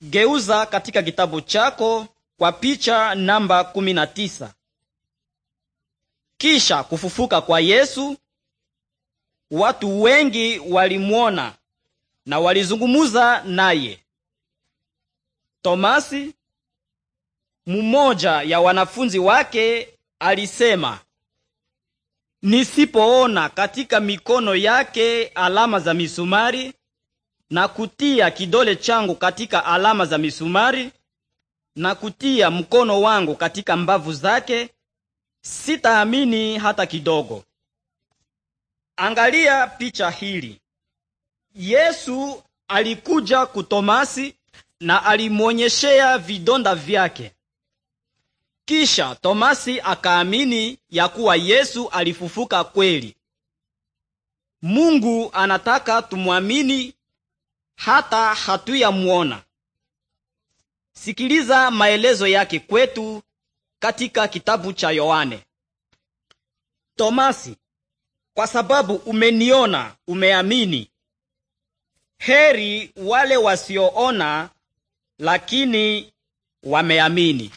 Geuza katika kitabu chako kwa picha namba kumi na tisa. Kisha kufufuka kwa Yesu, watu wengi walimwona na walizungumuza naye. Tomasi, mmoja ya wanafunzi wake, alisema, nisipoona katika mikono yake alama za misumari na kutia kidole changu katika alama za misumari na kutia mkono wangu katika mbavu zake, sitaamini hata kidogo. Angalia picha hili. Yesu alikuja kutomasi na alimwonyeshea vidonda vyake. Kisha Tomasi akaamini ya kuwa Yesu alifufuka kweli. Mungu anataka tumwamini hata hatuyamuona. Sikiliza maelezo yake kwetu katika kitabu cha Yohane. Tomasi, kwa sababu umeniona umeamini. Heri wale wasioona lakini wameamini.